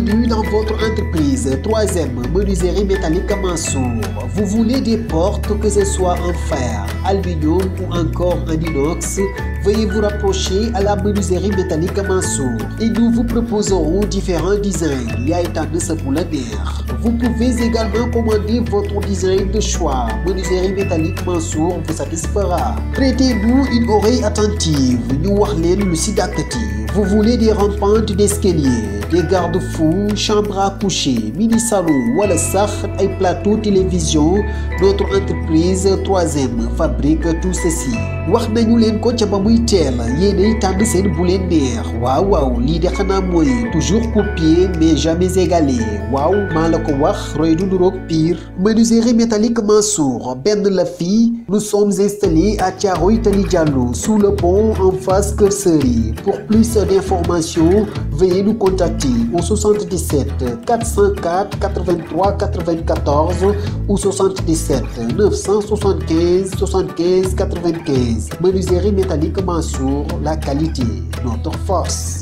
bienvenue dans votre entreprise. Troisième, menuiserie métallique Mansour. Vous voulez des portes, que ce soit en fer, aluminium ou encore en inox, veuillez vous rapprocher à la menuiserie métallique Mansour et nous vous proposerons différents designs. Il y a un pour la mer. Vous pouvez également commander votre design de choix. Menuiserie métallique Mansour vous satisfera. Prêtez-nous une oreille attentive. Nous lucide le Vous voulez des rampantes d'escalier des garde-fous, chambres à coucher, mini-salon, wala et plateau télévision notre entreprise troisième fabrique tout ceci wax nañu leen ko ca ba muy teel de boulet toujours copier mais jamais égalé Wow, maa la ko pire menuiserie métallique Mansour Ben la fi, nous sommes installés à Thiaroye Tally sous le pont en face de pour plus d'informations veuillez nous contacter au 77 404 83 94 ou 77 975 75 95. Menuiserie métallique Mansour, la qualité, notre force.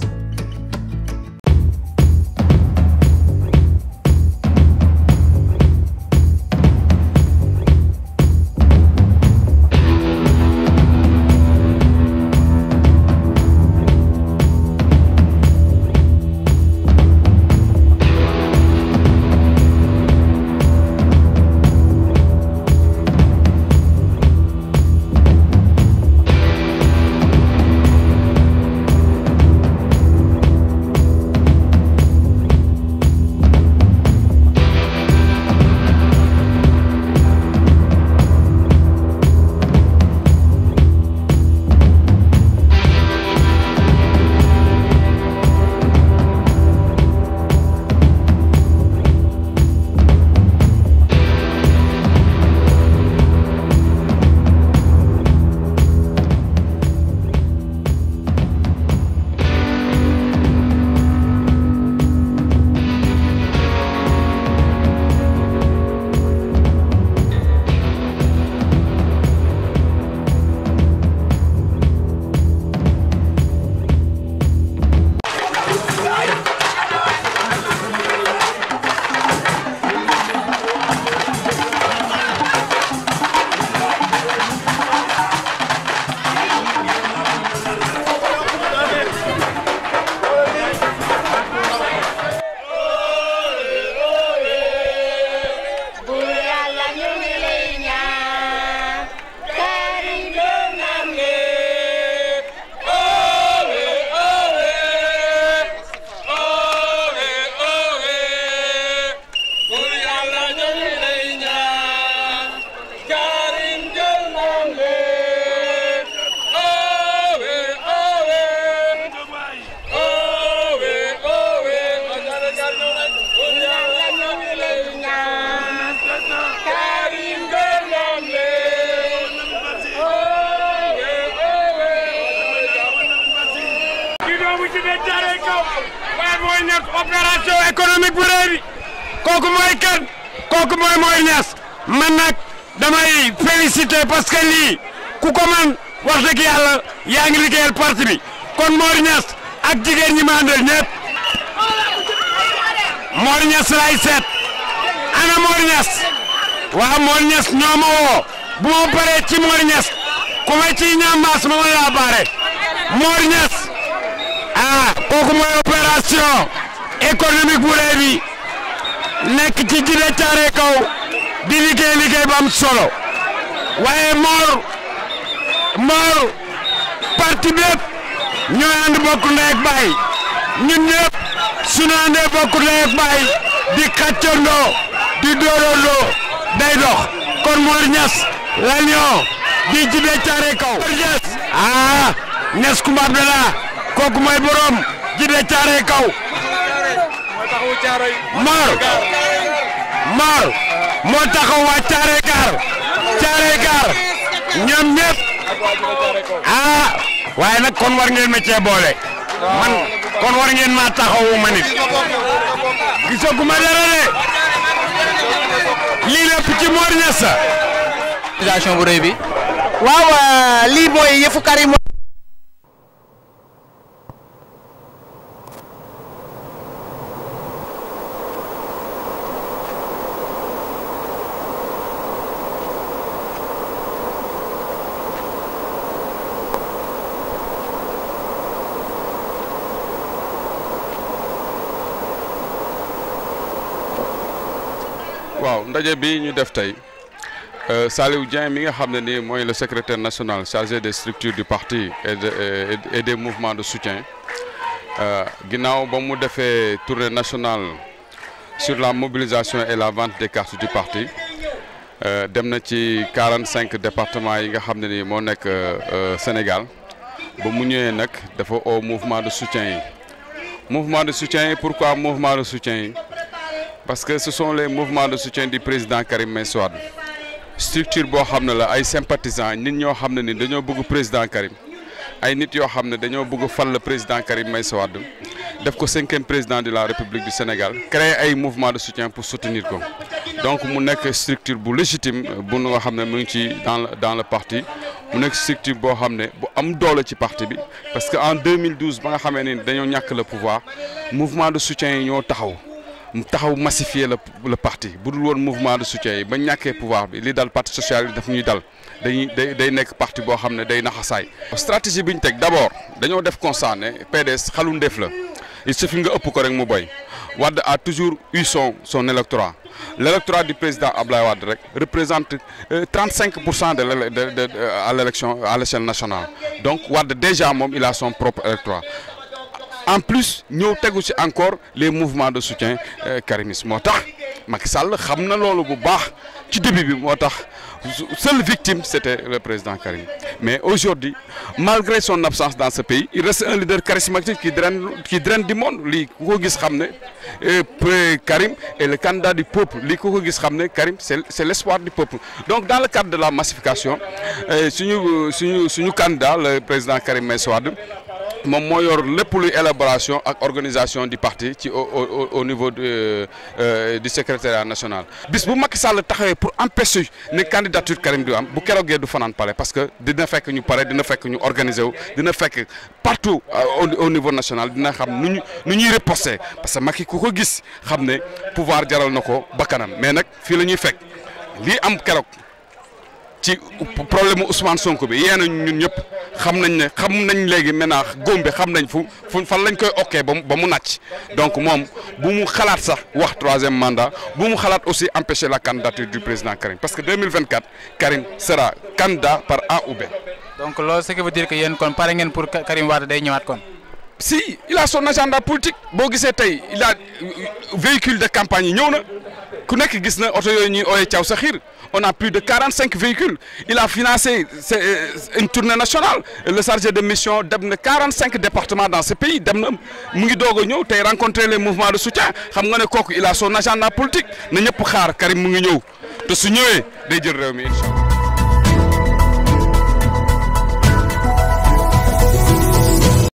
mooy Niass opération kooku mooy kan kooku mooy mooy Niass man nag damay féliciter parce que lii ku ko man wax yaa ngi liggéeyal parti bi kon Mor Niass ak jigéen ñi ma àndal ñëpp Mor Niass ana Mor Niass waa Mor Niass ñoo woo bu ma paree ci Mor Niass ah, kooku mooy opération économique bu rëy nekk ci Djidda Thiaroye di liggéey liggéey bu am solo waaye Mor Mor parti bépp ñoo ànd bokk ndey ak baay ñun ñëpp suñu bokk ndey ak baay di xàccandoo di dóorandoo day dox kon Mor Niass la di Djidda Thiaroye Kaw. Mor Niass ah Niass kooku mooy borom. ci de caaree kaw maar maar moo taxaw waa caaree gaar caaree gaar ñoom ñëpp ah waaye nag kon war ngeen ma cee boole man kon war ngeen ma taxawu ma nit gisaguma dara de lii lépp ci Mor Niass. organisation bu rëy bi. waaw lii mooy yëfu Karim waaw ndaje bi ñu def euh, mi nga le secrétaire national chargé des structures du parti et euh, des mouvements de soutien euh, ginnaw ba mu une tournée nationale sur la mobilisation et la vente des cartes du parti dem na ci 45 départements yi nga Sénégal ba mu ñëwé un dafa au mouvement de soutien mouvement de soutien pourquoi mouvement de soutien parce que ce sont les mouvements de soutien du président Karim Meïssa structure bo xamna la ay sympathisants nit ñoo xam ni dañoo bëgg président Karim ay nit yo dañoo bëgg le président Karim Meïssa le def ko cinquième président de la République du Sénégal créer ay mouvement de soutien pour soutenir ko donc mu nekk structure bu légitime bu nga mu ci dans dans le parti mu nekk structure qui xamne bu am ci parti bi parce que en 2012 ba nga xamee ne dañoo le pouvoir mouvement de soutien ñoo taxaw mu taxaw massifier le le parti bu won mouvement de soutien ba ñaké pouvoir bi li dal parti social daf ñuy dal dañuy day nek parti bo xamné day naxassay stratégie biñ tek d'abord d' def constat PDS xalu ndéef la il suffit nga upp ko rek mu boy Wad a toujours eu son électorat L'électorat du président Ablaye Wad représente 35 euh, de à l'élection à nationale donc Wad, déjà mom, il a son propre électorat en plus nous avons encore les mouvements de soutien euh, Karimisme. La Macky Sall seule victime c'était le président Karim mais aujourd'hui malgré son absence dans ce pays il reste un leader charismatique qui draine qui draine du monde Les ku ko euh, Karim et le candidat du peuple Les ko Karim c'est l'espoir du peuple donc dans le cadre de la massification euh, suñu suñu suñu candidat le président Karim Meïssa moom moo yor pour luy élaboration ak organisation du parti au au niveau de euh, euh, du secrétariat national. bis bu Macky Sall taxawee pour empêcher candidatures candidature Karim du je bu keroogee du parler. palais parce que nous fekk ñu ne dina fekk nous organiser ne dina fekk partout euh, au niveau national Nous xam nu parce que Macky ku ko gis xam pouvoir jaral na ko bakkanam mais nous fii fait. ce fekk lii am ci problème Ousmane Sonko bi y a ñun ñëpp xam nañ ne xam nañ légui faire góom xam nañ fu fu fan lañ koy oké ba mu ba donc mom bu mu sax troisième mandat bu mu xalaat aussi empêcher la candidature du président Karim parce que 2024 Karim sera candidat par A ou B. donc loolu ce que veut dire que yéen kon pare ngeen pour Karim Wade day ñëwaat kon. si il a son agenda politique il a euh, véhicule de campagne ñëw na on a plus de 45 véhicules il a financé euh, une tournée nationale le chargé de mission de 45 départements dans ce pays il a rencontré rencontrer les mouvements de soutien xam nga il a son agenda politique na a xaar Karim mu ngi a te su politique.